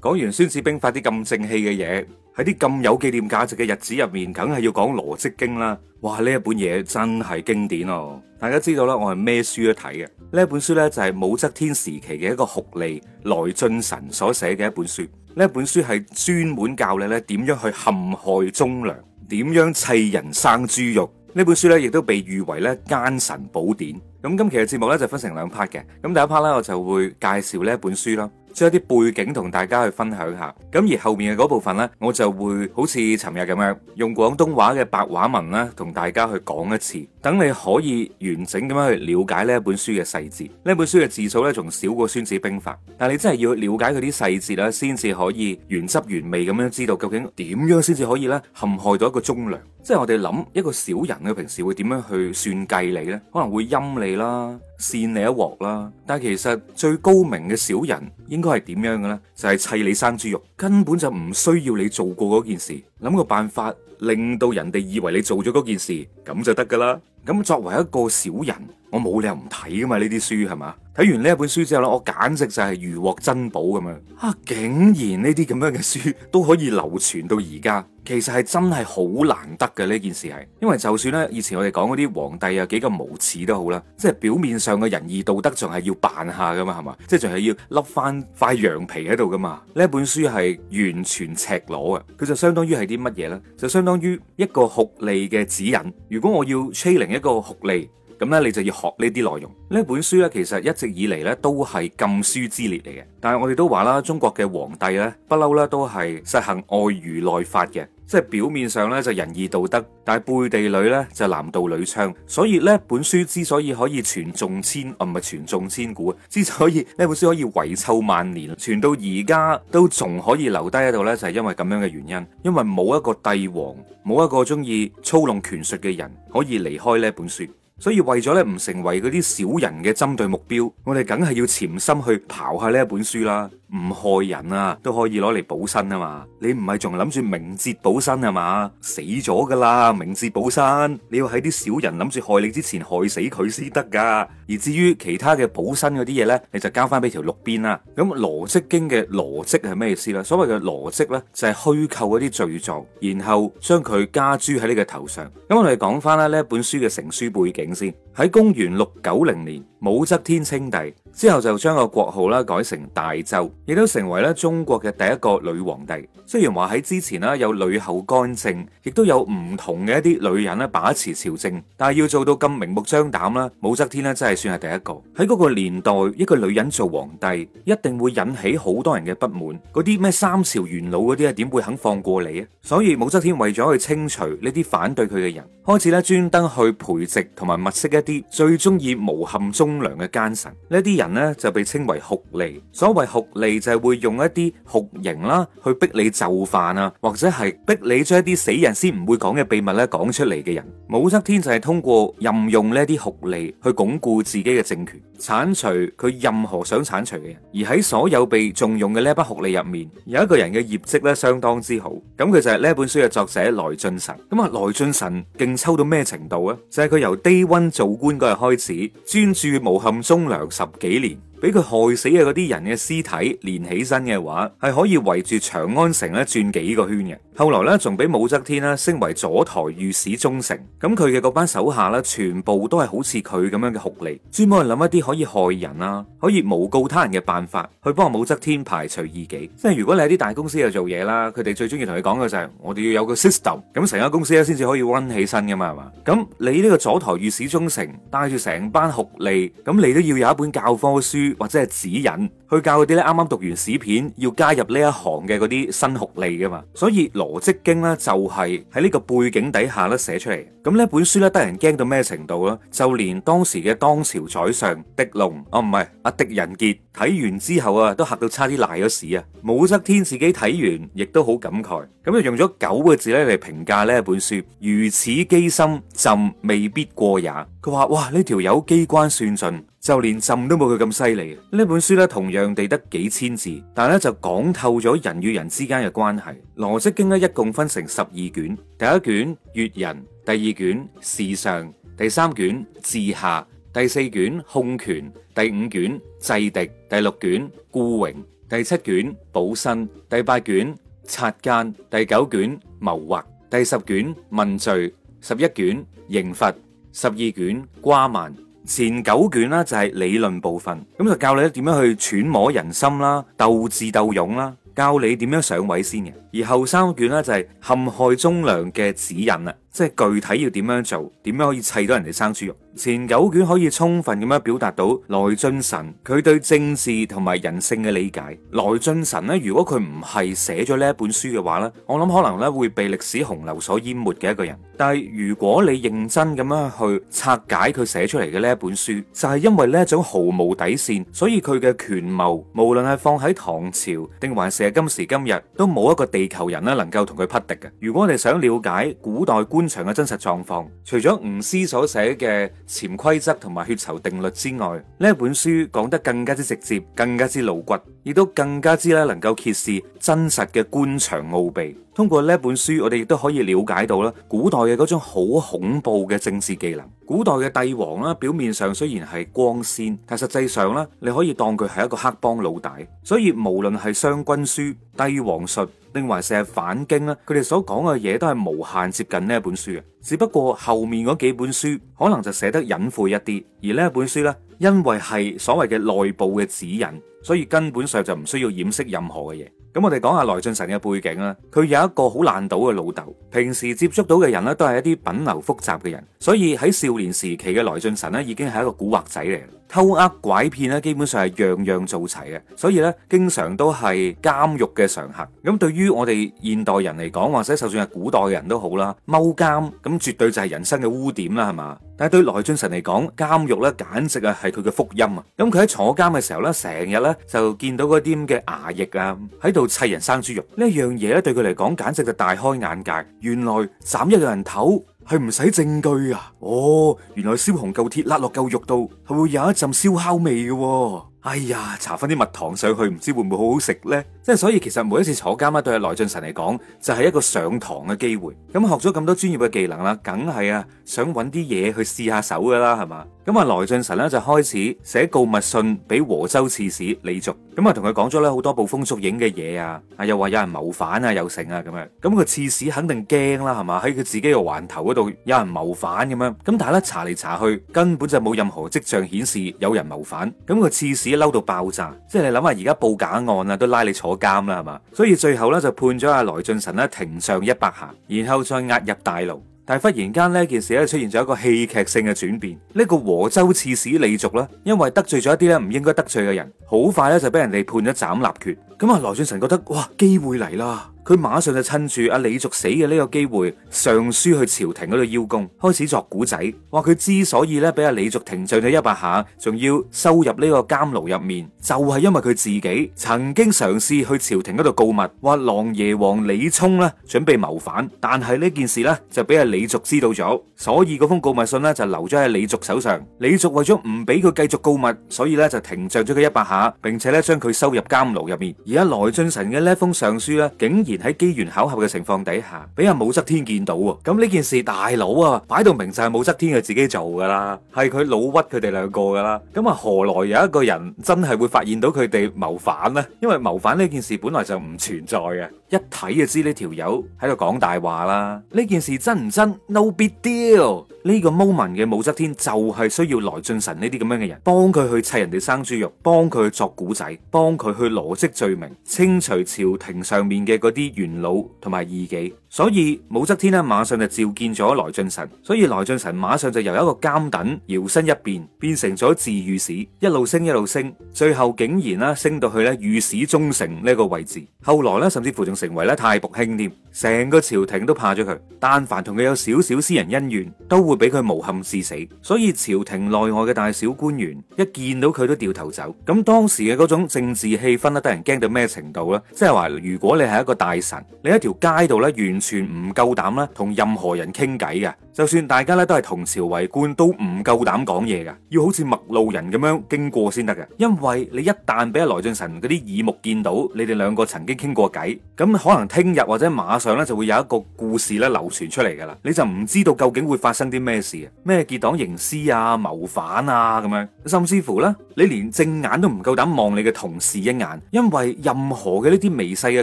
講完《孫子兵法》啲咁正氣嘅嘢，喺啲咁有紀念價值嘅日子入面，梗係要講《羅織經》啦。哇，呢一本嘢真係經典哦！大家知道啦，我係咩書都睇嘅。呢一本書呢，就係武則天時期嘅一個酷吏來俊臣所寫嘅一本書。呢本書係專門教你咧點樣去陷害忠良，點樣砌人生豬肉。呢本書呢，亦都被譽為咧奸臣寶典。咁今期嘅節目呢，就分成兩 part 嘅。咁第一 part 咧我就會介紹呢一本書啦。將啲背景同大家去分享下，咁而後面嘅嗰部分呢，我就會好似尋日咁樣用廣東話嘅白話文呢，同大家去講一次，等你可以完整咁樣去了解呢一本書嘅細節。呢本書嘅字數呢，仲少過《孫子兵法》，但你真係要去了解佢啲細節咧，先至可以原汁原味咁樣知道究竟點樣先至可以呢，陷害到一個忠良。即係我哋諗一個小人佢平時會點樣去算計你呢？可能會陰你啦。善你一鑊啦，但係其實最高明嘅小人應該係點樣嘅咧？就係砌你生豬肉，根本就唔需要你做過嗰件事，諗個辦法令到人哋以為你做咗嗰件事，咁就得噶啦。咁作為一個小人，我冇理由唔睇噶嘛？呢啲書，係咪？睇完呢一本書之後咧，我簡直就係如獲珍寶咁樣。啊，竟然呢啲咁樣嘅書都可以流傳到而家。其實係真係好難得嘅呢件事係，因為就算呢，以前我哋講嗰啲皇帝啊幾咁無恥都好啦，即係表面上嘅仁義道德仲係要扮下噶嘛，係嘛，即係仲係要笠翻塊羊皮喺度噶嘛。呢本書係完全赤裸啊，佢就相當於係啲乜嘢呢？就相當於一個酷吏嘅指引。如果我要 training 一個酷吏，咁呢，你就要學呢啲內容。呢本書呢，其實一直以嚟呢都係禁書之列嚟嘅。但係我哋都話啦，中國嘅皇帝呢，不嬲咧都係實行外儒內法嘅。即係表面上咧就仁義道德，但係背地裏咧就男盜女娼，所以呢本書之所以可以傳頌千，唔係傳頌千古，之所以呢本書可以遺臭萬年，傳到而家都仲可以留低喺度呢，就係、是、因為咁樣嘅原因，因為冇一個帝王，冇一個中意操弄權術嘅人可以離開呢本書，所以為咗呢唔成為嗰啲小人嘅針對目標，我哋梗係要潛心去刨下呢本書啦。唔害人啊，都可以攞嚟補身啊嘛！你唔係仲諗住明哲保身啊嘛？死咗噶啦，明哲保身，你要喺啲小人諗住害你之前害死佢先得噶。而至於其他嘅補身嗰啲嘢咧，你就交翻俾條鹿鞭啦。咁羅織經嘅羅織係咩意思咧？所謂嘅羅織咧，就係、是、虛構嗰啲罪狀，然後將佢加諸喺你嘅頭上。咁我哋講翻啦，呢一本書嘅成書背景先。喺公元六九零年，武則天稱帝之後，就將個國號啦改成大周。亦都成為咧中國嘅第一個女皇帝。雖然話喺之前咧有女后干政，亦都有唔同嘅一啲女人咧把持朝政，但係要做到咁明目張膽啦，武則天咧真係算係第一個。喺嗰個年代，一個女人做皇帝，一定會引起好多人嘅不滿。嗰啲咩三朝元老嗰啲啊，點會肯放過你啊？所以武則天為咗去清除呢啲反對佢嘅人，開始咧專登去培植同埋物色一啲最中意誣陷忠良嘅奸臣。呢啲人呢，就被稱為酷吏。所謂酷吏，就係會用一啲酷刑啦，去逼你就範啊，或者係逼你將一啲死人先唔會講嘅秘密咧講出嚟嘅人。武則天就係通過任用呢啲酷吏去鞏固自己嘅政權，鏟除佢任何想鏟除嘅人。而喺所有被重用嘅呢一批酷吏入面，有一個人嘅業績咧相當之好。咁佢就係呢本書嘅作者來俊臣。咁啊，來俊臣勁抽到咩程度啊？就係佢由 day one 做官嗰日開始，專注誣陷忠良十幾年。俾佢害死嘅嗰啲人嘅屍體連起身嘅話，係可以圍住長安城咧轉幾個圈嘅。後來咧仲俾武則天啦升為左台御史中丞，咁佢嘅嗰班手下呢，全部都係好似佢咁樣嘅酷吏，專門諗一啲可以害人啊，可以誣告他人嘅辦法，去幫武則天排除異己。即係如果你喺啲大公司度做嘢，啦，佢哋最中意同你講嘅就係我哋要有個 system，咁成間公司咧先至可以 run 起身噶嘛，係嘛？咁你呢個左台御史中丞帶住成班酷吏，咁你都要有一本教科書。或者係指引去教嗰啲咧，啱啱讀完史片要加入呢一行嘅嗰啲新學歷噶嘛，所以《羅織經》咧就係喺呢個背景底下咧寫出嚟。咁呢本書咧得人驚到咩程度呢？就連當時嘅當朝宰相狄龍，哦唔係阿狄仁傑睇完之後啊，都嚇到差啲瀨咗屎啊！武則天自己睇完亦都好感慨，咁就用咗九個字咧嚟評價呢一本書：如此機心，朕未必過也。佢話：哇，呢條友機關算盡！就連朕都冇佢咁犀利。呢一本書咧，同樣地得幾千字，但係咧就講透咗人與人之間嘅關係。《羅織經》咧一共分成十二卷：第一卷閱人，第二卷事上，第三卷治下，第四卷控權，第五卷制敵，第六卷固榮，第七卷保身，第八卷察奸，第九卷謀劃，第十卷問罪，十一卷刑罰，十二卷瓜蔓。前九卷啦，就係理論部分，咁就教你咧點樣去揣摩人心啦、鬥智鬥勇啦，教你點樣上位先嘅。而後三卷呢，就係陷害忠良嘅指引啦，即係具體要點樣做，點樣可以砌到人哋生豬肉。前九卷可以充分咁樣表達到來俊臣佢對政治同埋人性嘅理解。來俊臣呢，如果佢唔係寫咗呢一本書嘅話，呢我諗可能呢會被歷史洪流所淹沒嘅一個人。但係如果你認真咁樣去拆解佢寫出嚟嘅呢一本書，就係因為呢一種毫無底線，所以佢嘅權謀無論係放喺唐朝定還是係今時今日，都冇一個地。求人呢，能夠同佢匹敵嘅。如果我哋想了解古代官場嘅真實狀況，除咗吳思所寫嘅《潛規則》同埋《血酬定律》之外，呢本書講得更加之直接，更加之露骨。亦都更加之咧，能夠揭示真實嘅官場奧秘。通過呢本書，我哋亦都可以了解到啦，古代嘅嗰種好恐怖嘅政治技能。古代嘅帝王咧，表面上雖然係光鮮，但係實際上呢，你可以當佢係一個黑幫老大。所以無論係《商君書》《帝王術》，定還是係《反經》咧，佢哋所講嘅嘢都係無限接近呢本書嘅。只不過後面嗰幾本書可能就寫得隱晦一啲，而呢本書呢，因為係所謂嘅內部嘅指引。所以根本上就唔需要掩飾任何嘅嘢。咁我哋講下來俊臣嘅背景啦，佢有一個好爛賭嘅老豆，平時接觸到嘅人呢，都係一啲品流複雜嘅人，所以喺少年時期嘅來俊臣呢，已經係一個古惑仔嚟，偷呃拐騙咧，基本上係樣樣做齊嘅，所以呢，經常都係監獄嘅常客。咁對於我哋現代人嚟講，或者就算係古代人都好啦，踎監咁絕對就係人生嘅污點啦，係嘛？但係對來俊臣嚟講，監獄呢，簡直啊係佢嘅福音啊！咁佢喺坐監嘅時候呢，成日咧，就見到嗰啲嘅衙役啊，喺度砌人生豬肉呢一樣嘢咧，對佢嚟講簡直就大開眼界。原來斬一個人頭係唔使證據啊！哦，原來燒紅嚿鐵甩落嚿肉度係會有一陣燒烤味嘅啊。哎呀，搽翻啲蜜糖上去，唔知會唔會好好食呢？即係所以其實每一次坐監咧，對阿來俊臣嚟講，就係、是、一個上堂嘅機會。咁學咗咁多專業嘅技能啦，梗係啊想揾啲嘢去試下手噶啦，係嘛？咁阿來俊臣呢，就開始寫告密信俾和州刺史李續，咁啊同佢講咗咧好多捕風捉影嘅嘢啊，啊又話有人謀反啊，又成啊咁樣。咁、那個刺史肯定驚啦，係嘛？喺佢自己個環頭嗰度有人謀反咁樣，咁但係咧查嚟查去，根本就冇任何跡象顯示有人謀反。咁、那個刺史。嬲到爆炸，即係你諗下，而家報假案啊，都拉你坐監啦，係嘛？所以最後咧就判咗阿來俊臣咧廷上一百下，然後再押入大牢。但係忽然間呢件事咧出現咗一個戲劇性嘅轉變。呢個和州刺史李族咧，因為得罪咗一啲咧唔應該得罪嘅人，好快咧就俾人哋判咗斬立決。咁啊，來俊臣覺得哇，機會嚟啦！佢馬上就趁住阿李續死嘅呢個機會，上書去朝廷嗰度邀功，開始作古仔，話佢之所以咧俾阿李續停杖咗一百下，仲要收入呢個監牢入面，就係因為佢自己曾經嘗試去朝廷嗰度告密，話狼爺王李充咧準備謀反，但係呢件事呢，就俾阿李續知道咗，所以嗰封告密信呢，就留咗喺李續手上。李續為咗唔俾佢繼續告密，所以咧就停杖咗佢一百下，並且咧將佢收入監牢入面。而家來俊臣嘅呢封上書呢，竟然。喺機緣巧合嘅情況底下，俾阿武則天見到喎。咁呢件事大佬啊，擺到明就係，武則天佢自己做噶啦，係佢老屈佢哋兩個噶啦。咁啊，何來有一個人真係會發現到佢哋謀反呢？因為謀反呢件事本來就唔存在嘅。一睇就知呢條友喺度講大話啦！呢件事真唔真？No big deal。呢個 moment 嘅武則天就係需要來俊臣呢啲咁樣嘅人，幫佢去砌人哋生豬肉，幫佢去作古仔，幫佢去羅織罪名，清除朝廷上面嘅嗰啲元老同埋異己。所以武則天咧，馬上就召見咗來俊臣，所以來俊臣馬上就由一個監躉搖身一變，變成咗侍御史，一路升一路升，最後竟然咧升到去咧御史中丞呢個位置。後來咧，甚至乎仲成為咧太僕卿添，成個朝廷都怕咗佢，但凡同佢有少少私人恩怨，都會俾佢誣陷致死。所以朝廷內外嘅大小官員一見到佢都掉頭走。咁當時嘅嗰種政治氣氛咧，得人驚到咩程度呢？即係話如果你係一個大臣，你喺條街度咧，完全唔夠膽啦，同任何人傾偈嘅。就算大家咧都係同朝為官，都唔夠膽講嘢噶，要好似陌路人咁樣經過先得嘅。因為你一旦俾阿來俊臣嗰啲耳目見到你哋兩個曾經傾過偈，咁可能聽日或者馬上咧就會有一個故事咧流傳出嚟噶啦，你就唔知道究竟會發生啲咩事，咩結黨營私啊、謀反啊咁樣，甚至乎咧你連正眼都唔夠膽望你嘅同事一眼，因為任何嘅呢啲微細嘅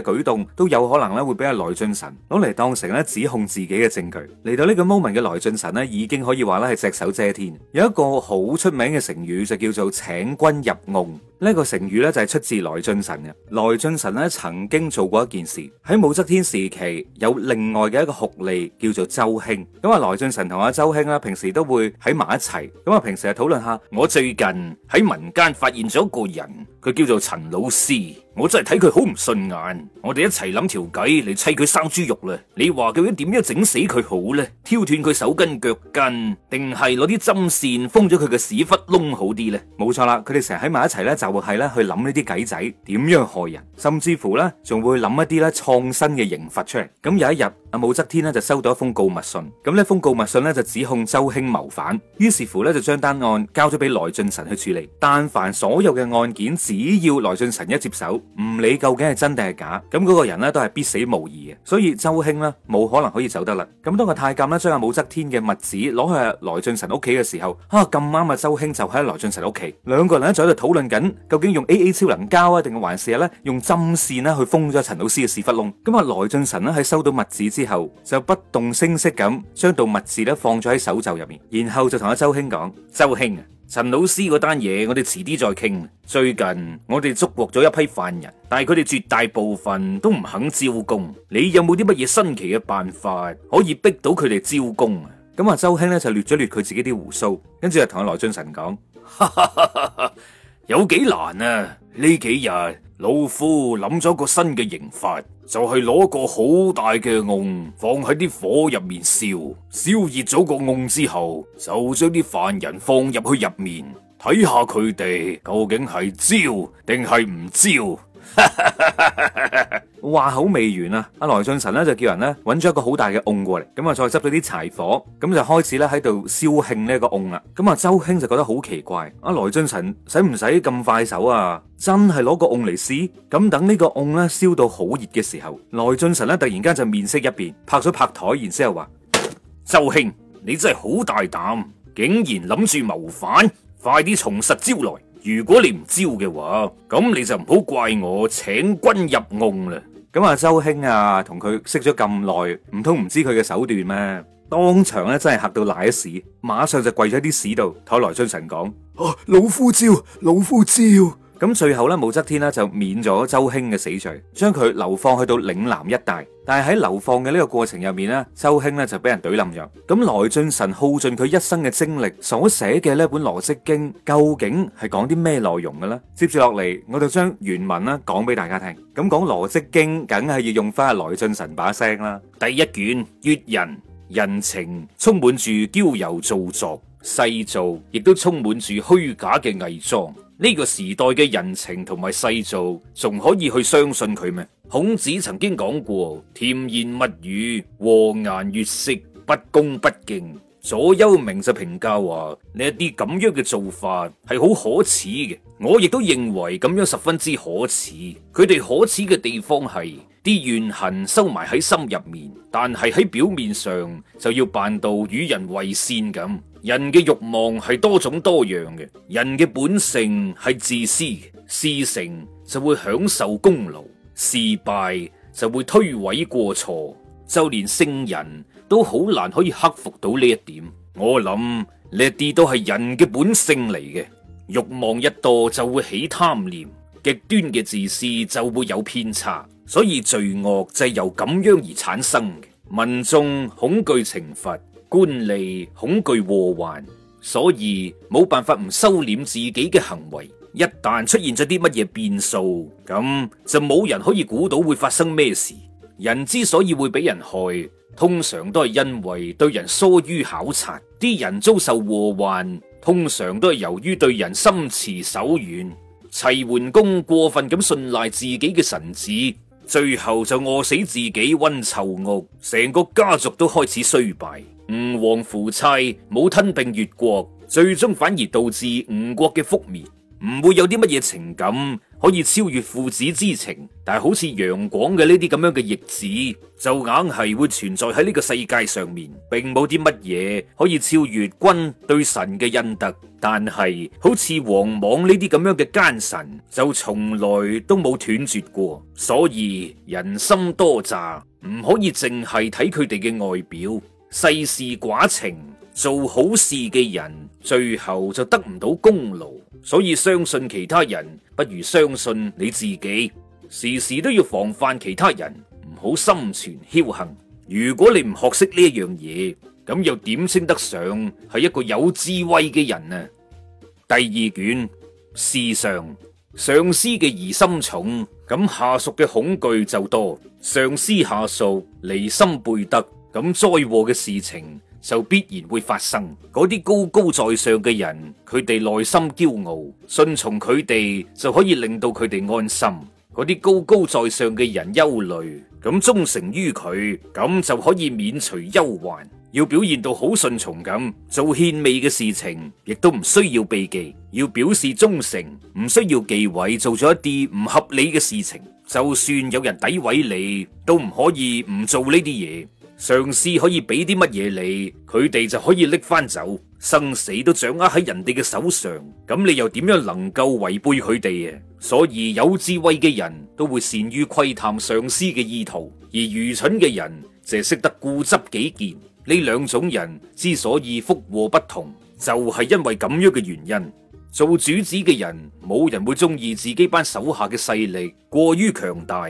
舉動都有可能咧會俾阿來俊臣攞嚟當成咧指控自己嘅證據。嚟到呢個 moment 嘅。來俊臣呢，已經可以話咧係隻手遮天。有一個好出名嘅成語，就叫做請君入甕。呢一個成語咧就係出自來俊臣嘅。來俊臣咧曾經做過一件事，喺武則天時期有另外嘅一個酷吏叫做周興。咁啊，來俊臣同阿周興啊，平時都會喺埋一齊。咁啊，平時啊討論下，我最近喺民間發現咗個人，佢叫做陳老師。我真係睇佢好唔順眼。我哋一齊諗條計嚟砌佢生豬肉啦。你話究竟點樣整死佢好呢？挑斷佢手筋腳筋，定係攞啲針線封咗佢嘅屎忽窿好啲呢？冇錯啦，佢哋成日喺埋一齊咧就會係咧去諗呢啲計仔點樣害人，甚至乎咧仲會諗一啲咧創新嘅刑罰出嚟。咁有一日。阿武則天咧就收到一封告密信，咁呢一封告密信咧就指控周興謀反，於是乎咧就將單案交咗俾來俊臣去處理。但凡所有嘅案件，只要來俊臣一接手，唔理究竟係真定係假，咁嗰個人咧都係必死無疑嘅。所以周興咧冇可能可以走得啦。咁當個太監咧將阿武則天嘅密紙攞去阿來俊臣屋企嘅時候，吓，咁啱啊周興就喺來俊臣屋企，兩個人咧就喺度討論緊，究竟用 AA 超能膠啊，定係還是係咧用針線啦去封咗陳老師嘅屎忽窿？咁啊來俊臣咧喺收到密紙之後就不動聲色咁將道密旨咧放咗喺手袖入面，然後就同阿周興講：周興啊，陳老師嗰單嘢我哋遲啲再傾。最近我哋捉獲咗一批犯人，但係佢哋絕大部分都唔肯招供。你有冇啲乜嘢新奇嘅辦法可以逼到佢哋招供？咁啊，周興呢就捋咗捋佢自己啲鬍鬚，跟住就同阿來俊臣講： 有幾難啊！呢幾日老夫諗咗個新嘅刑法。就係攞個好大嘅瓮放喺啲火入面燒，燒熱咗個瓮之後，就將啲犯人放入去入面，睇下佢哋究竟係招定係唔招。 話口未完啊，阿來俊臣呢，就叫人咧揾咗一個好大嘅甕過嚟，咁啊再執咗啲柴火，咁就開始呢喺度燒慶呢一個甕啦。咁啊周興就覺得好奇怪，阿、啊、來俊臣使唔使咁快手啊？真係攞個甕嚟試？咁等個呢個甕呢燒到好熱嘅時候，來俊臣呢突然間就面色一變，拍咗拍台，然之後話：周興，你真係好大膽，竟然諗住謀反，快啲從實招來！如果你唔招嘅話，咁你就唔好怪我請君入瓮啦。咁阿周興啊，同佢識咗咁耐，唔通唔知佢嘅手段咩？當場咧真係嚇到瀨屎，馬上就跪咗喺啲屎度，同來俊臣講：啊，老夫招，老夫招。咁最後咧，武則天咧就免咗周興嘅死罪，將佢流放去到嶺南一帶。但係喺流放嘅呢個過程入面咧，周興咧就俾人懟冧咗。咁來俊臣耗盡佢一生嘅精力所寫嘅呢本《羅織經》，究竟係講啲咩內容嘅咧？接住落嚟，我就將原文咧講俾大家聽。咁講《羅織經》，梗係要用翻來俊臣把聲啦。第一卷，閱人人情，充滿住嬌柔造作、細造，亦都充滿住虛假嘅偽裝。呢個時代嘅人情同埋世俗，仲可以去相信佢咩？孔子曾經講過甜言蜜語、和顏悅色、不恭不敬。左丘明就評價話呢一啲咁樣嘅做法係好可恥嘅。我亦都認為咁樣十分之可恥。佢哋可恥嘅地方係。啲怨恨收埋喺心入面，但係喺表面上就要扮到與人為善咁。人嘅欲望係多種多樣嘅，人嘅本性係自私嘅。事成就會享受功勞，事敗就會推諉過錯。就連聖人都好難可以克服到呢一點。我諗呢啲都係人嘅本性嚟嘅，欲望一多就會起貪念，極端嘅自私就會有偏差。所以罪惡就係由咁樣而產生嘅。民眾恐懼懲罰，官吏恐懼禍患，所以冇辦法唔收斂自己嘅行為。一旦出現咗啲乜嘢變數，咁就冇人可以估到會發生咩事。人之所以會俾人害，通常都係因為對人疏於考察；啲人遭受禍患，通常都係由於對人心慈手軟。齊桓公過分咁信賴自己嘅臣子。最後就餓死自己，温臭屋，成個家族都開始衰敗。吳王夫差冇吞併越國，最終反而導致吳國嘅覆滅，唔會有啲乜嘢情感。可以超越父子之情，但係好似楊廣嘅呢啲咁樣嘅逆子，就硬係會存在喺呢個世界上面，並冇啲乜嘢可以超越君對神嘅恩德。但係好似王莽呢啲咁樣嘅奸臣，就從來都冇斷絕過。所以人心多詐，唔可以淨係睇佢哋嘅外表。世事寡情，做好事嘅人最後就得唔到功勞。所以相信其他人不如相信你自己，時時都要防範其他人，唔好心存僥倖。如果你唔學識呢一樣嘢，咁又點稱得上係一個有智慧嘅人呢？第二卷，事上，上司嘅疑心重，咁下屬嘅恐懼就多；上司下屬離心背德，咁災禍嘅事情就必然會發生。嗰啲高高在上嘅人，佢哋內心驕傲，順從佢哋就可以令到佢哋安心。嗰啲高高在上嘅人憂慮，咁忠誠於佢，咁就可以免除憂患。要表現到好順從咁，做獻媚嘅事情，亦都唔需要避忌。要表示忠誠，唔需要忌諱，做咗一啲唔合理嘅事情，就算有人詆毀你，都唔可以唔做呢啲嘢。上司可以俾啲乜嘢你，佢哋就可以拎翻走，生死都掌握喺人哋嘅手上。咁你又點樣能夠違背佢哋啊？所以有智慧嘅人都會善於窺探上司嘅意圖，而愚蠢嘅人就係識得固執己見。呢兩種人之所以福禍不同，就係因為咁樣嘅原因。做主子嘅人，冇人會中意自己班手下嘅勢力過於強大。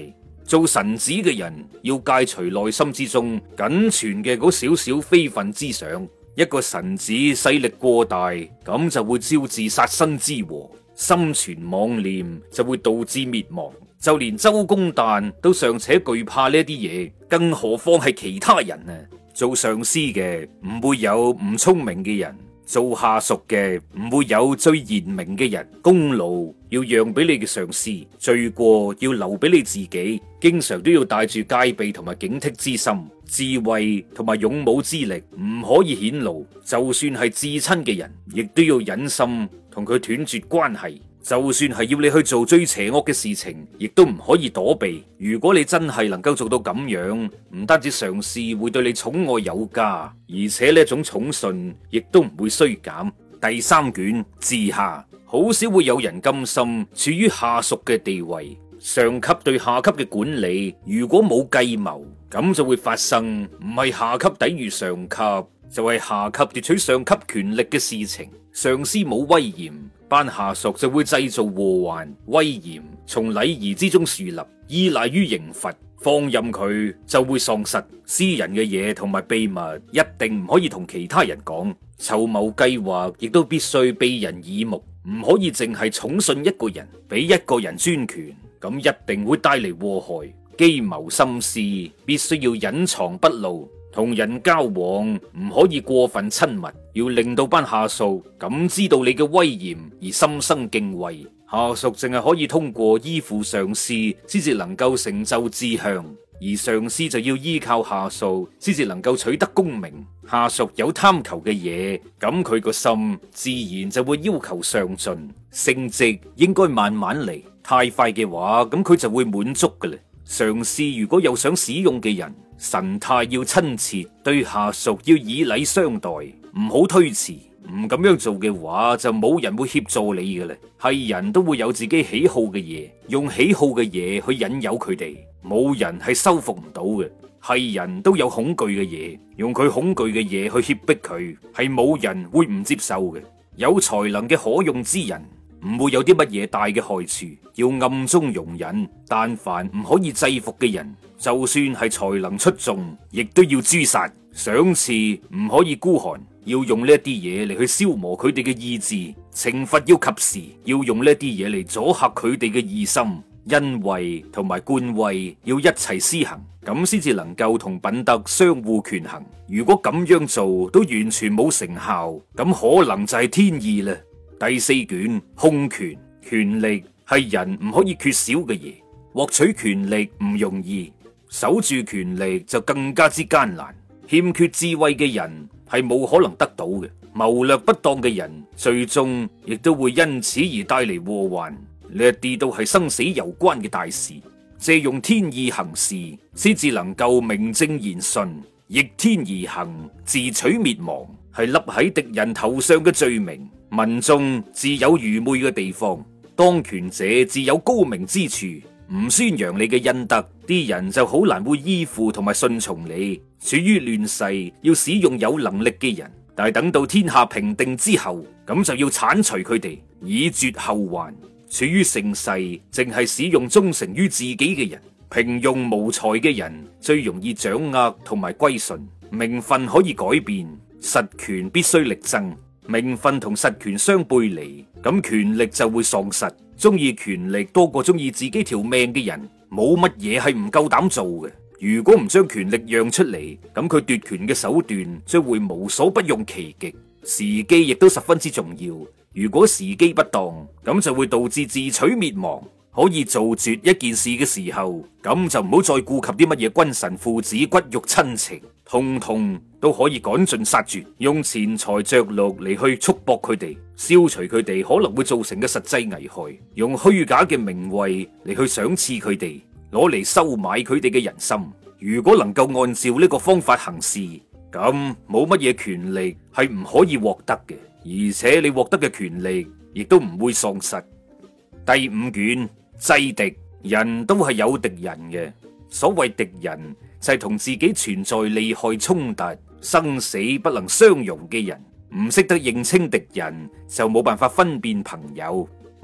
做臣子嘅人要戒除內心之中僅存嘅嗰少少非分之想。一個臣子勢力過大，咁就會招致殺身之禍；心存妄念就會導致滅亡。就連周公旦都尚且懼怕呢一啲嘢，更何況係其他人呢？做上司嘅唔會有唔聰明嘅人，做下屬嘅唔會有最賢明嘅人。功勞要讓俾你嘅上司，罪過要留俾你自己。經常都要帶住戒備同埋警惕之心，智慧同埋勇武之力唔可以顯露。就算係至親嘅人，亦都要忍心同佢斷絕關係。就算係要你去做最邪惡嘅事情，亦都唔可以躲避。如果你真係能夠做到咁樣，唔單止上司會對你寵愛有加，而且呢一種寵信亦都唔會衰減。第三卷治下，好少會有人甘心處於下屬嘅地位。上級對下級嘅管理，如果冇計謀，咁就會發生唔係下級抵禦上級，就係下級奪取上級權力嘅事情。上司冇威嚴，班下屬就會製造禍患。威嚴從禮儀之中樹立，依賴於刑罰。放任佢就會喪失私人嘅嘢同埋秘密，一定唔可以同其他人講。籌謀計劃亦都必須避人耳目，唔可以淨係寵信一個人，俾一個人專權。咁一定會帶嚟禍害，機謀心思必須要隱藏不露，同人交往唔可以過分親密，要令到班下屬感知到你嘅威嚴而心生敬畏。下屬淨係可以通過依附上司，先至能夠成就志向；而上司就要依靠下屬，先至能夠取得功名。下屬有貪求嘅嘢，咁佢個心自然就會要求上進，升職應該慢慢嚟。太快嘅話，咁佢就會滿足噶啦。嘗試，如果有想使用嘅人，神態要親切，對下屬要以禮相待，唔好推辭。唔咁樣做嘅話，就冇人會協助你噶啦。係人都會有自己喜好嘅嘢，用喜好嘅嘢去引誘佢哋，冇人係收服唔到嘅。係人都有恐懼嘅嘢，用佢恐懼嘅嘢去脅迫佢，係冇人會唔接受嘅。有才能嘅可用之人。唔會有啲乜嘢大嘅害處，要暗中容忍。但凡唔可以制服嘅人，就算係才能出眾，亦都要誅殺。賞賜唔可以孤寒，要用呢啲嘢嚟去消磨佢哋嘅意志。懲罰要及時，要用呢啲嘢嚟阻嚇佢哋嘅二心。恩惠同埋官位要一齊施行，咁先至能夠同品德相互權衡。如果咁樣做都完全冇成效，咁可能就係天意啦。第四卷控權，權力係人唔可以缺少嘅嘢。獲取權力唔容易，守住權力就更加之艱難。欠缺智慧嘅人係冇可能得到嘅。謀略不當嘅人，最終亦都會因此而帶嚟禍患。呢一啲都係生死攸關嘅大事。借用天意行事，先至能夠名正言順；逆天而行，自取滅亡。係立喺敵人頭上嘅罪名，民眾自有愚昧嘅地方，當權者自有高明之處。唔宣揚你嘅恩德，啲人就好難會依附同埋順從你。處於亂世，要使用有能力嘅人，但係等到天下平定之後，咁就要鏟除佢哋，以絕後患。處於盛世，淨係使用忠誠於自己嘅人，平庸無才嘅人最容易掌握同埋歸順，名分可以改變，實權必須力爭，名分同實權相背離，咁權力就會喪失。中意權力多過中意自己條命嘅人，冇乜嘢係唔夠膽做嘅。如果唔將權力讓出嚟，咁佢奪權嘅手段將會無所不用其極。時機亦都十分之重要，如果時機不當，咁就會導致自取滅亡。可以做絕一件事嘅時候，咁就唔好再顧及啲乜嘢君臣父子骨肉親情。通通都可以趕盡殺絕，用錢財着陸嚟去束縛佢哋，消除佢哋可能會造成嘅實際危害；用虛假嘅名位嚟去賞賜佢哋，攞嚟收買佢哋嘅人心。如果能夠按照呢個方法行事，咁冇乜嘢權利係唔可以獲得嘅，而且你獲得嘅權利亦都唔會喪失。第五卷制敵，人都係有敵人嘅，所謂敵人，就係同自己存在利害衝突、生死不能相容嘅人，唔識得認清敵人，就冇辦法分辨朋友；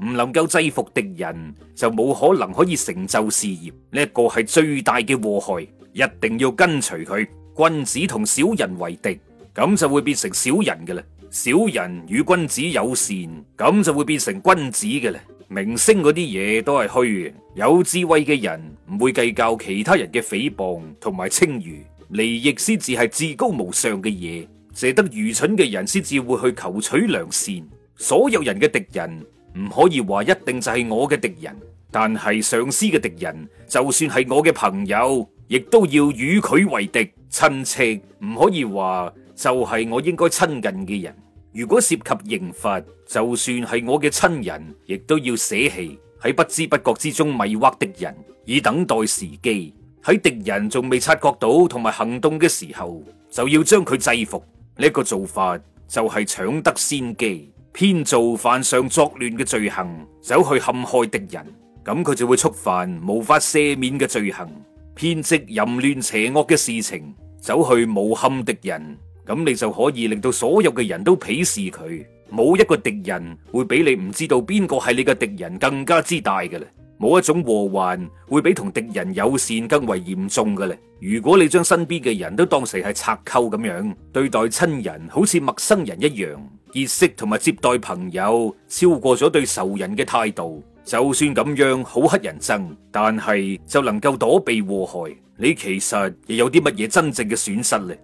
唔能夠制服敵人，就冇可能可以成就事業。呢個係最大嘅禍害，一定要跟隨佢。君子同小人為敵，咁就會變成小人嘅啦；小人與君子友善，咁就會變成君子嘅啦。明星嗰啲嘢都係虛，有智慧嘅人唔會計較其他人嘅誹謗同埋清譽，利益先至係至高無上嘅嘢。值得愚蠢嘅人先至會去求取良善。所有人嘅敵人唔可以話一定就係我嘅敵人，但係上司嘅敵人就算係我嘅朋友，亦都要與佢為敵。親戚唔可以話就係我應該親近嘅人。如果涉及刑罰，就算係我嘅親人，亦都要捨棄。喺不知不覺之中迷惑敵人，以等待時機。喺敵人仲未察覺到同埋行動嘅時候，就要將佢制服。呢、這個做法就係搶得先機，編造犯上作亂嘅罪行，走去陷害敵人。咁佢就會觸犯無法赦免嘅罪行，編織淫亂邪惡嘅事情，走去誣陷敵人。咁你就可以令到所有嘅人都鄙視佢，冇一個敵人會比你唔知道邊個係你嘅敵人更加之大嘅啦。冇一種禍患會比同敵人友善更為嚴重嘅啦。如果你將身邊嘅人都當成係賊寇，咁樣對待親人，好似陌生人一樣結識同埋接待朋友，超過咗對仇人嘅態度，就算咁樣好乞人憎，但係就能夠躲避禍害。你其實亦有啲乜嘢真正嘅損失咧？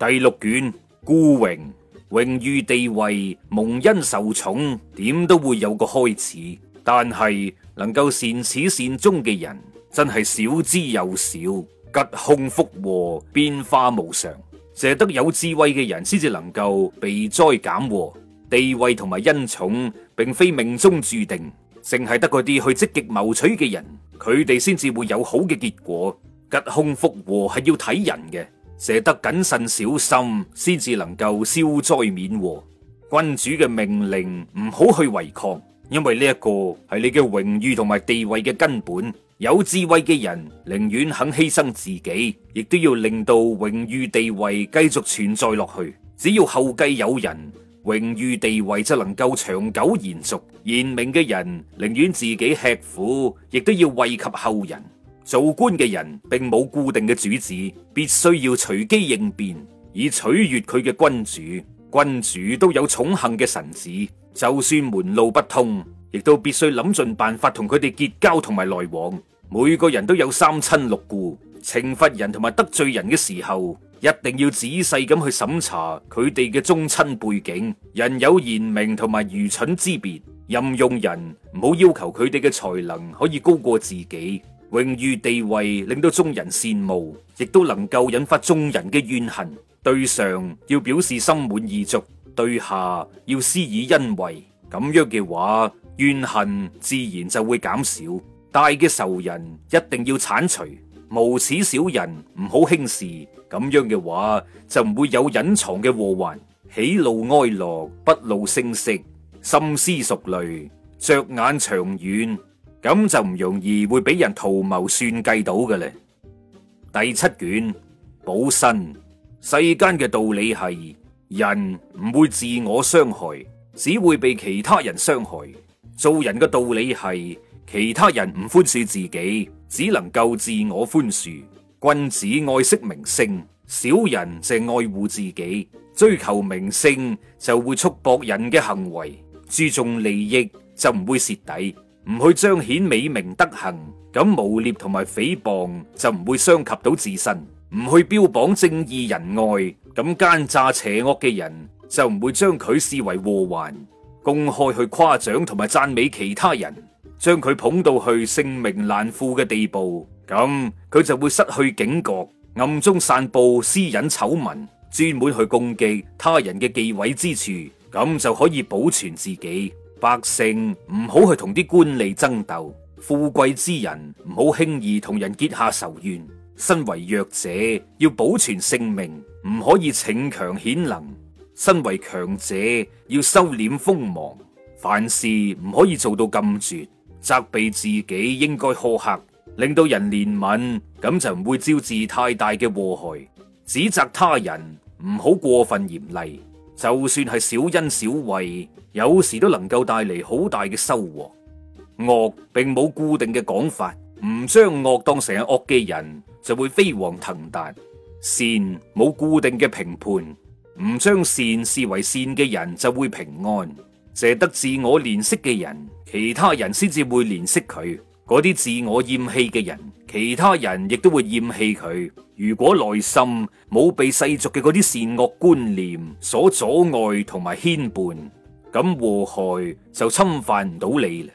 第六卷，孤榮榮譽地位蒙恩受寵，點都會有個開始。但係能夠善始善終嘅人，真係少之又少。吉凶福禍變化無常，淨係得有智慧嘅人先至能夠避災減禍。地位同埋恩寵，並非命中注定，淨係得嗰啲去積極謀取嘅人，佢哋先至會有好嘅結果。吉凶福禍係要睇人嘅。捨得謹慎小心，先至能夠消災免禍。君主嘅命令唔好去違抗，因為呢一個係你嘅榮譽同埋地位嘅根本。有智慧嘅人寧願肯犧牲自己，亦都要令到榮譽地位繼續存在落去。只要後繼有人，榮譽地位就能夠長久延續。賢明嘅人寧願自己吃苦，亦都要惠及後人。做官嘅人並冇固定嘅主子，必須要隨機應變，以取悦佢嘅君主。君主都有寵幸嘅臣子，就算門路不通，亦都必須諗盡辦法同佢哋結交同埋來往。每個人都有三親六故，懲罰人同埋得罪人嘅時候，一定要仔細咁去審查佢哋嘅宗親背景。人有賢明同埋愚蠢之別，任用人唔好要，要求佢哋嘅才能可以高過自己。榮譽地位令到眾人羨慕，亦都能夠引發眾人嘅怨恨。對上要表示心滿意足，對下要施以恩惠。咁樣嘅話，怨恨自然就會減少。大嘅仇人一定要鏟除，無恥小人唔好輕視。咁樣嘅話就唔會有隱藏嘅禍患。喜怒哀樂不露聲色，深思熟慮，着眼長遠。咁就唔容易會俾人圖謀算計到嘅咧。第七卷保身，世間嘅道理係人唔會自我傷害，只會被其他人傷害。做人嘅道理係其他人唔寬恕自己，只能夠自我寬恕。君子愛惜名聲，小人淨愛護自己。追求名聲就會束縛人嘅行為，注重利益就唔會蝕底。唔去彰顯美名德行，咁誣蔑同埋誹謗就唔會傷及到自身；唔去標榜正義仁愛，咁奸詐邪惡嘅人就唔會將佢視為禍患。公開去誇獎同埋讚美其他人，將佢捧到去性命難負嘅地步，咁佢就會失去警覺，暗中散布私隱醜聞，專門去攻擊他人嘅忌諱之處，咁就可以保存自己。百姓唔好去同啲官吏爭鬥，富貴之人唔好輕易同人結下仇怨。身為弱者要保存性命，唔可以逞強顯能；身為強者要收斂鋒芒，凡事唔可以做到咁絕。責備自己應該苛刻，令到人憐憫，咁就唔會招致太大嘅禍害。指責他人唔好過分嚴厲。就算係小恩小惠，有時都能夠帶嚟好大嘅收穫。惡並冇固定嘅講法，唔將惡當成係惡嘅人就會飛黃騰達；善冇固定嘅評判，唔將善視為善嘅人就會平安。值得自我憐惜嘅人，其他人先至會憐惜佢。嗰啲自我厭棄嘅人，其他人亦都會厭棄佢。如果內心冇被世俗嘅嗰啲善惡觀念所阻礙同埋牽絆，咁禍害就侵犯唔到你啦。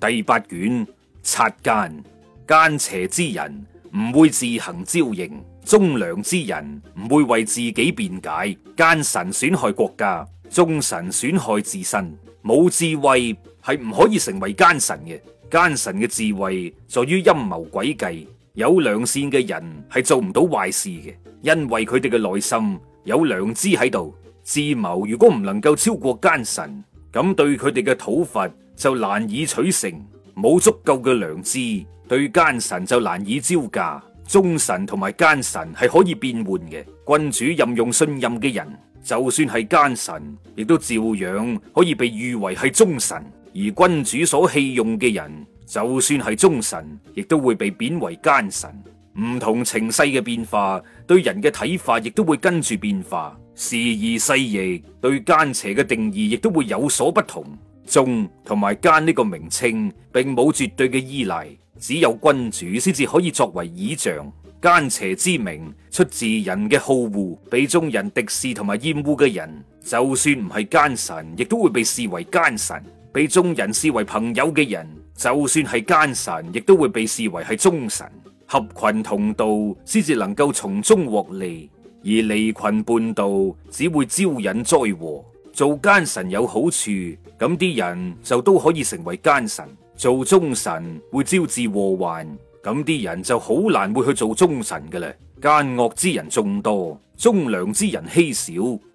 第八卷：拆奸，奸邪之人唔會自行招認，忠良之人唔會為自己辯解。奸臣損害國家，忠臣損害自身。冇智慧係唔可以成為奸臣嘅。奸臣嘅智慧在於陰謀詭計，有良善嘅人係做唔到壞事嘅，因為佢哋嘅內心有良知喺度。智謀如果唔能夠超過奸臣，咁對佢哋嘅討伐就難以取勝。冇足夠嘅良知，對奸臣就難以招架。忠臣同埋奸臣係可以變換嘅，君主任用信任嘅人，就算係奸臣，亦都照樣可以被譽為係忠臣。而君主所棄用嘅人，就算係忠臣，亦都會被貶為奸臣。唔同情勢嘅變化，對人嘅睇法亦都會跟住變化。時而世易，對奸邪嘅定義亦都會有所不同。忠同埋奸呢個名稱，並冇絕對嘅依賴，只有君主先至可以作為倚仗。奸邪之名出自人嘅好惡，被眾人敵視同埋厭惡嘅人，就算唔係奸臣，亦都會被視為奸臣。被眾人視為朋友嘅人，就算係奸臣，亦都會被視為係忠臣。合群同道先至能夠從中獲利，而離群叛道只會招引災禍。做奸臣有好處，咁啲人就都可以成為奸臣；做忠臣會招致禍患，咁啲人就好難會去做忠臣㗎喇。奸惡之人眾多。忠良之人稀少，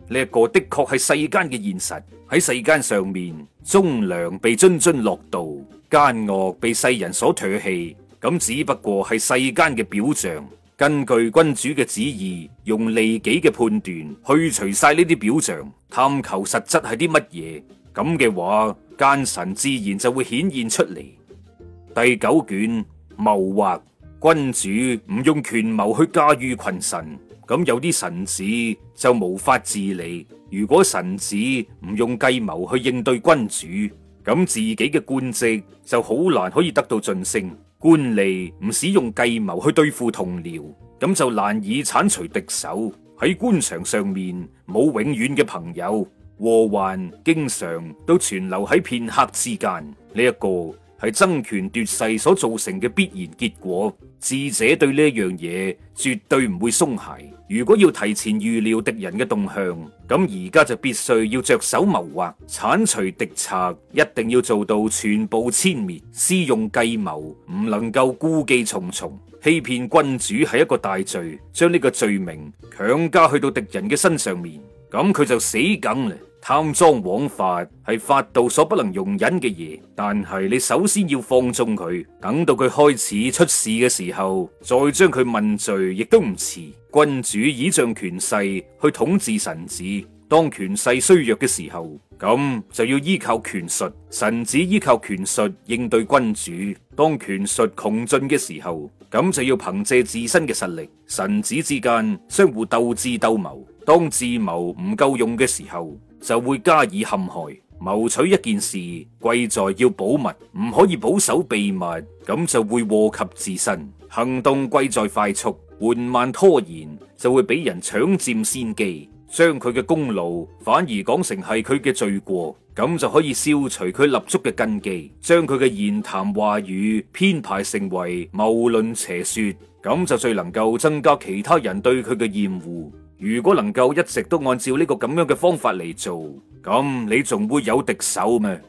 呢個的確係世間嘅現實。喺世間上面，忠良被津津樂道，奸惡被世人所唾棄，咁只不過係世間嘅表象。根據君主嘅旨意，用利己嘅判斷去除晒呢啲表象，探求實質係啲乜嘢？咁嘅話，奸臣自然就會顯現出嚟。第九卷謀劃，君主唔用權謀去駕馭群臣。咁有啲臣子就無法自理。如果臣子唔用計謀去應對君主，咁自己嘅官職就好難可以得到晉升。官吏唔使用計謀去對付同僚，咁就難以鏟除敵手。喺官場上面冇永遠嘅朋友，禍患經常都存留喺片刻之間。呢、這、一個。係爭權奪勢所造成嘅必然結果，智者對呢樣嘢絕對唔會鬆懈。如果要提前預料敵人嘅動向，咁而家就必須要着手謀劃，鏟除敵賊，一定要做到全部殲滅。施用計謀，唔能夠顧忌重重，欺騙君主係一個大罪，將呢個罪名強加去到敵人嘅身上面，咁佢就死梗啦。貪贓枉法係法度所不能容忍嘅嘢，但係你首先要放縱佢，等到佢開始出事嘅時候，再將佢問罪，亦都唔遲。君主倚仗權勢去統治臣子，當權勢衰弱嘅時候，咁就要依靠權術；臣子依靠權術應對君主，當權術窮盡嘅時候，咁就要憑借自身嘅實力。臣子之間相互鬥智鬥謀，當智謀唔夠用嘅時候，就會加以陷害。謀取一件事貴在要保密，唔可以保守秘密，咁就會禍及自身。行動貴在快速，緩慢拖延就會俾人搶佔先機，將佢嘅功勞反而講成係佢嘅罪過，咁就可以消除佢立足嘅根基，將佢嘅言談話語編排成為謬論邪說，咁就最能夠增加其他人對佢嘅厭惡。如果能夠一直都按照呢個咁樣嘅方法嚟做，咁你仲會有敵手咩？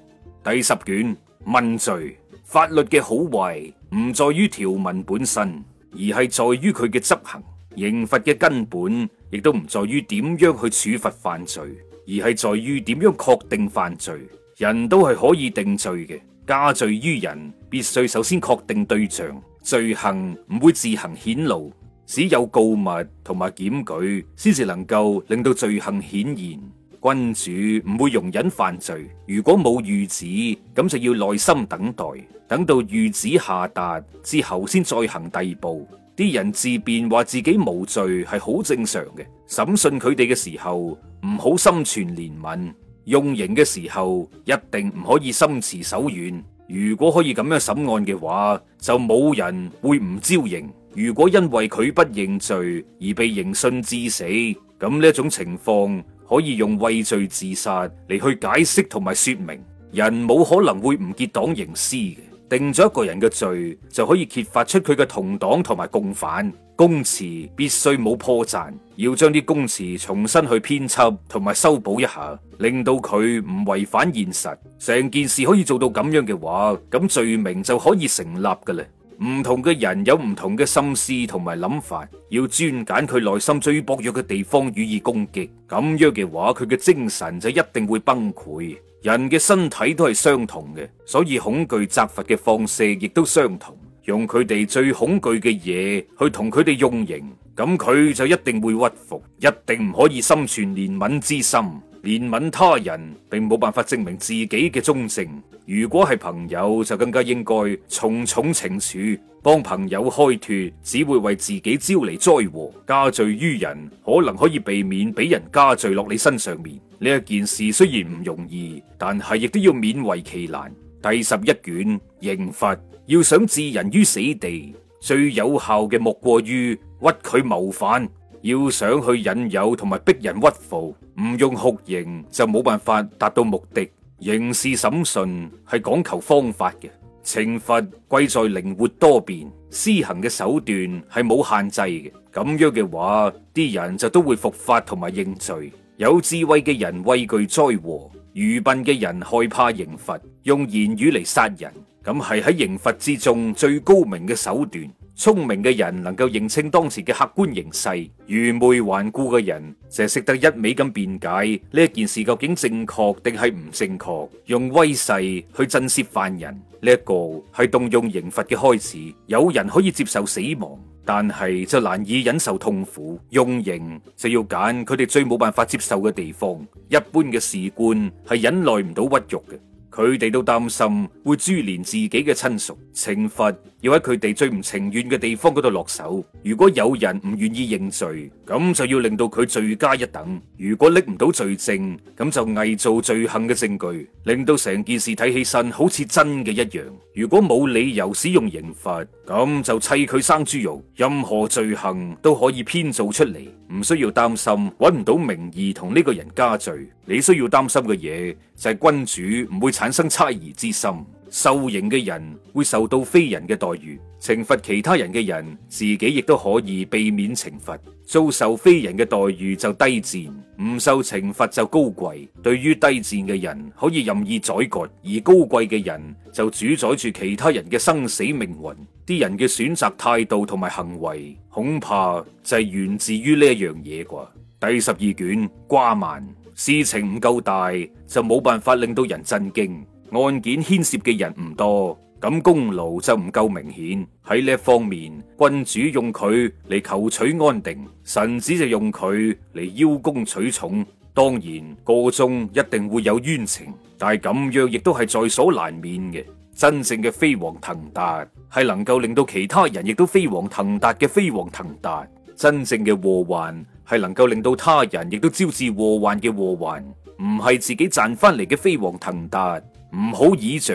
第十卷，問罪，法律嘅好壞唔在於條文本身，而係在於佢嘅執行。刑罰嘅根本亦都唔在於點樣去處罰犯罪，而係在於點樣確定犯罪。人都係可以定罪嘅，加罪於人，必須首先確定對象，罪行唔會自行顯露。只有告密同埋檢舉，先至能夠令到罪行顯現。君主唔會容忍犯罪，如果冇諭旨，咁就要耐心等待，等到諭旨下達之後，先再行第二步。啲人自辯話自己冇罪係好正常嘅，審訊佢哋嘅時候唔好心存憐憫，用刑嘅時候一定唔可以心慈手軟。如果可以咁樣審案嘅話，就冇人會唔招刑。如果因為佢不認罪而被刑訊致死，咁呢一種情況可以用畏罪自殺嚟去解釋同埋說明，人冇可能會唔結黨刑私嘅。定咗一個人嘅罪，就可以揭發出佢嘅同黨同埋共犯。供詞必須冇破綻，要將啲供詞重新去編輯同埋修補一下，令到佢唔違反現實。成件事可以做到咁樣嘅話，咁罪名就可以成立噶啦。唔同嘅人有唔同嘅心思同埋諗法，要專揀佢內心最薄弱嘅地方予以攻擊，咁樣嘅話，佢嘅精神就一定會崩潰。人嘅身體都係相同嘅，所以恐懼責罰嘅方式亦都相同，用佢哋最恐懼嘅嘢去同佢哋用刑，咁佢就一定會屈服。一定唔可以心存憐憫之心。憐憫他人並冇辦法證明自己嘅忠誠。如果係朋友，就更加應該重重懲處，幫朋友開脫只會為自己招嚟災禍。加罪於人，可能可以避免俾人加罪落你身上面。呢一件事雖然唔容易，但係亦都要勉為其難。第十一卷刑罰，要想置人於死地，最有效嘅莫過於屈佢謀反。要想去引誘同埋逼人屈服，唔用酷刑就冇辦法達到目的。刑事審訊係講求方法嘅，懲罰貴在靈活多變，施行嘅手段係冇限制嘅。咁樣嘅話，啲人就都會伏法同埋認罪。有智慧嘅人畏懼災禍，愚笨嘅人害怕刑罰。用言語嚟殺人，咁係喺刑罰之中最高明嘅手段。聰明嘅人能夠認清當時嘅客觀形勢，愚昧頑固嘅人淨係識得一味咁辯解呢件事究竟正確定係唔正確，用威勢去震懾犯人呢，一個係動用刑罰嘅開始。有人可以接受死亡，但係就難以忍受痛苦。用刑就要揀佢哋最冇辦法接受嘅地方。一般嘅士官係忍耐唔到屈辱嘅。佢哋都擔心會株連自己嘅親屬，懲罰要喺佢哋最唔情願嘅地方嗰度落手。如果有人唔願意認罪，咁就要令到佢罪加一等。如果拎唔到罪證，咁就偽造罪行嘅證據，令到成件事睇起身好似真嘅一樣。如果冇理由使用刑罰，咁就砌佢生豬肉。任何罪行都可以編造出嚟。唔需要擔心揾唔到名義同呢個人加罪，你需要擔心嘅嘢就係君主唔會產生猜疑之心，受刑嘅人會受到非人嘅待遇，懲罰其他人嘅人自己亦都可以避免懲罰。遭受非人嘅待遇就低賤，唔受懲罰就高貴。對於低賤嘅人可以任意宰割，而高貴嘅人就主宰住其他人嘅生死命運。啲人嘅選擇態度同埋行為，恐怕就係源自於呢一樣嘢啩。第十二卷瓜曼，事情唔夠大就冇辦法令到人震驚，案件牽涉嘅人唔多，咁功勞就唔夠明顯，喺呢一方面，君主用佢嚟求取安定，臣子就用佢嚟邀功取寵。當然個中一定會有冤情，但係咁樣亦都係在所難免嘅。真正嘅飛黃騰達係能夠令到其他人亦都飛黃騰達嘅飛黃騰達，真正嘅禍患係能夠令到他人亦都招致禍患嘅禍患，唔係自己賺翻嚟嘅飛黃騰達，唔好倚仗。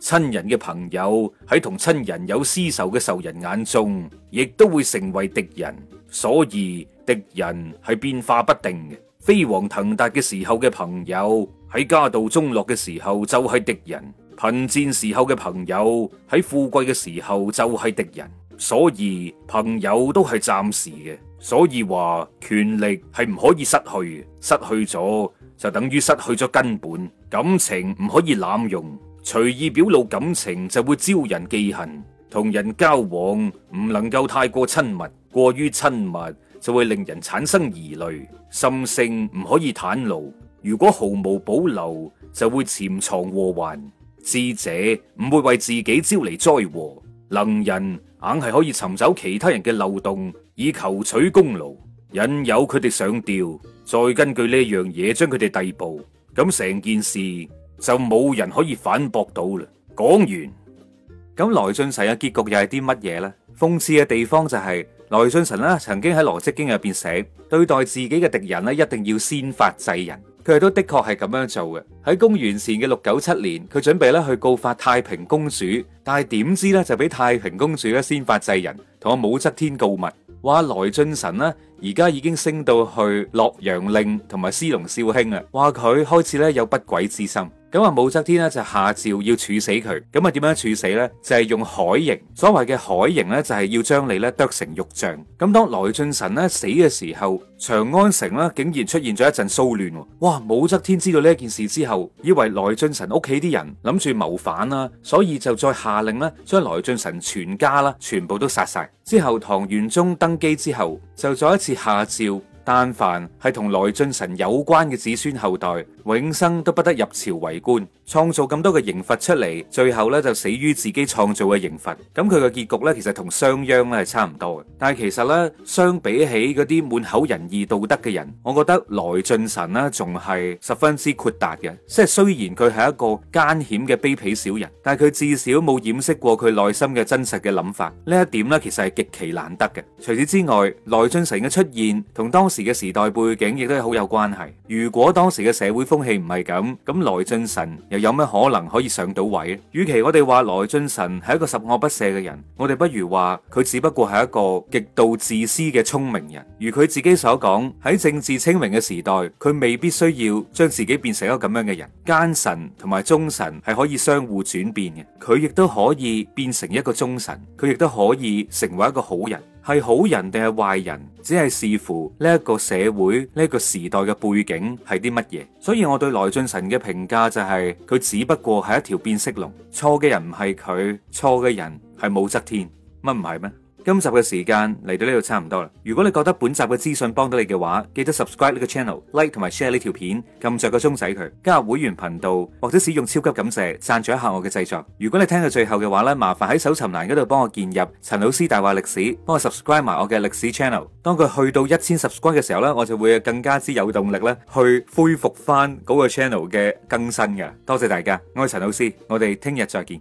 親人嘅朋友喺同親人有私仇嘅仇人眼中，亦都會成為敵人。所以敵人係變化不定嘅。飛黃騰達嘅時候嘅朋友喺家道中落嘅時候就係敵人；貧賤時候嘅朋友喺富貴嘅時候就係敵人。所以朋友都係暫時嘅。所以話權力係唔可以失去，失去咗就等於失去咗根本。感情唔可以濫用。隨意表露感情就會招人忌恨，同人交往唔能夠太過親密，過於親密就會令人產生疑慮。心性唔可以袒露，如果毫無保留就會潛藏禍患。智者唔會為自己招嚟災禍，能人硬係可以尋找其他人嘅漏洞以求取功勞，引誘佢哋上吊，再根據呢樣嘢將佢哋逮捕，咁成件事，就冇人可以反駁到啦。講完咁，來俊臣嘅結局又係啲乜嘢呢？諷刺嘅地方就係、是、來俊臣啦，曾經喺《羅織經》入邊寫對待自己嘅敵人咧，一定要先發制人。佢都的確係咁樣做嘅。喺公元前嘅六九七年，佢準備咧去告發太平公主，但係點知咧就俾太平公主咧先發制人，同阿武則天告密，話來俊臣咧而家已經升到去洛陽令同埋司農少卿啊，話佢開始咧有不軌之心。咁話武則天呢就下詔要處死佢，咁啊點樣處死呢？就係用海刑，所謂嘅海刑呢，就係要將你呢剁成肉醬。咁當來俊臣呢死嘅時候，長安城呢竟然出現咗一陣騷亂。哇！武則天知道呢件事之後，以為來俊臣屋企啲人諗住謀反啦，所以就再下令呢將來俊臣全家啦全部都殺晒。之後唐玄宗登基之後，就再一次下詔，但凡係同來俊臣有關嘅子孫後代，永生都不得入朝為官，創造咁多嘅刑罰出嚟，最後咧就死於自己創造嘅刑罰。咁佢嘅結局咧，其實同商鞅咧係差唔多嘅。但係其實咧，相比起嗰啲滿口仁義道德嘅人，我覺得來俊臣呢仲係十分之豁達嘅。即係雖然佢係一個奸險嘅卑鄙小人，但係佢至少冇掩飾過佢內心嘅真實嘅諗法。呢一點咧，其實係極其難得嘅。除此之外，來俊臣嘅出現同當時嘅時代背景亦都係好有關係。如果當時嘅社會，風氣唔係咁，咁來俊臣又有咩可能可以上到位咧？與其我哋話來俊臣係一個十惡不赦嘅人，我哋不如話佢只不過係一個極度自私嘅聰明人。如佢自己所講，喺政治清明嘅時代，佢未必需要將自己變成一個咁樣嘅人。奸臣同埋忠臣係可以相互轉變嘅，佢亦都可以變成一個忠臣，佢亦都可以成為一個好人。係好人定係壞人，只係視乎呢一個社會、呢、這、一個時代嘅背景係啲乜嘢。所以我對來俊臣嘅評價就係、是、佢只不過係一條變色龍，錯嘅人唔係佢，錯嘅人係武則天，乜唔係咩？今集嘅時間嚟到呢度差唔多啦。如果你覺得本集嘅資訊幫到你嘅話，記得 subscribe 呢個 channel、like 同埋 share 呢條片，撳著個鐘仔佢加入會員頻道或者使用超級感謝贊助一下我嘅製作。如果你聽到最後嘅話呢，麻煩喺搜尋欄嗰度幫我建入陳老師大話歷史，幫我 subscribe 埋我嘅歷史 channel。當佢去到一千 subscribe 嘅時候呢，我就會更加之有動力咧去恢復翻嗰個 channel 嘅更新嘅。多謝大家，我係陳老師，我哋聽日再見。